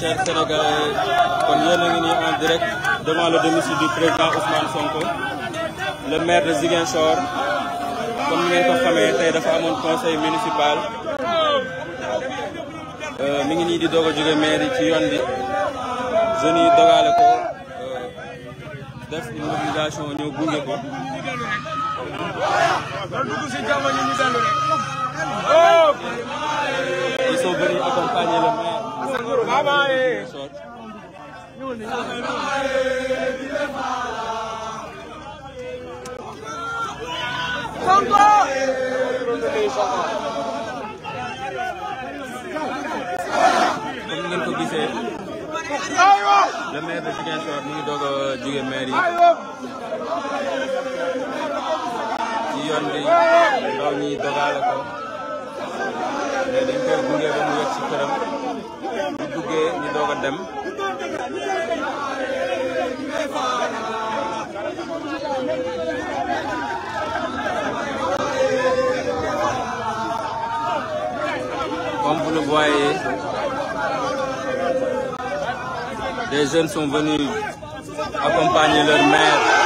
chers Sénégalais kon yéen a ngi nii en direct devant le domicile du président Ousmane Sonko le maire de Ziguinchor comme ni ngeen ko xamee tey dafa amoon conseil municipal euh, mi ngi nii di doog a jóge maire ci yoon bi jeunes yi ko euh, def une ñëw gunge ko. Ils sont venus accompagner le Samaye. comme ngeen ko gisee. le maire de Ziguinchor mu ngi doog a jóge maire yi. ci yoon bi ndaw ñi dogaale ko. mais dañ koy gunge ba mu yegg si këram. dem comme vous le voyez des jeunes sont venus accompagner leur mère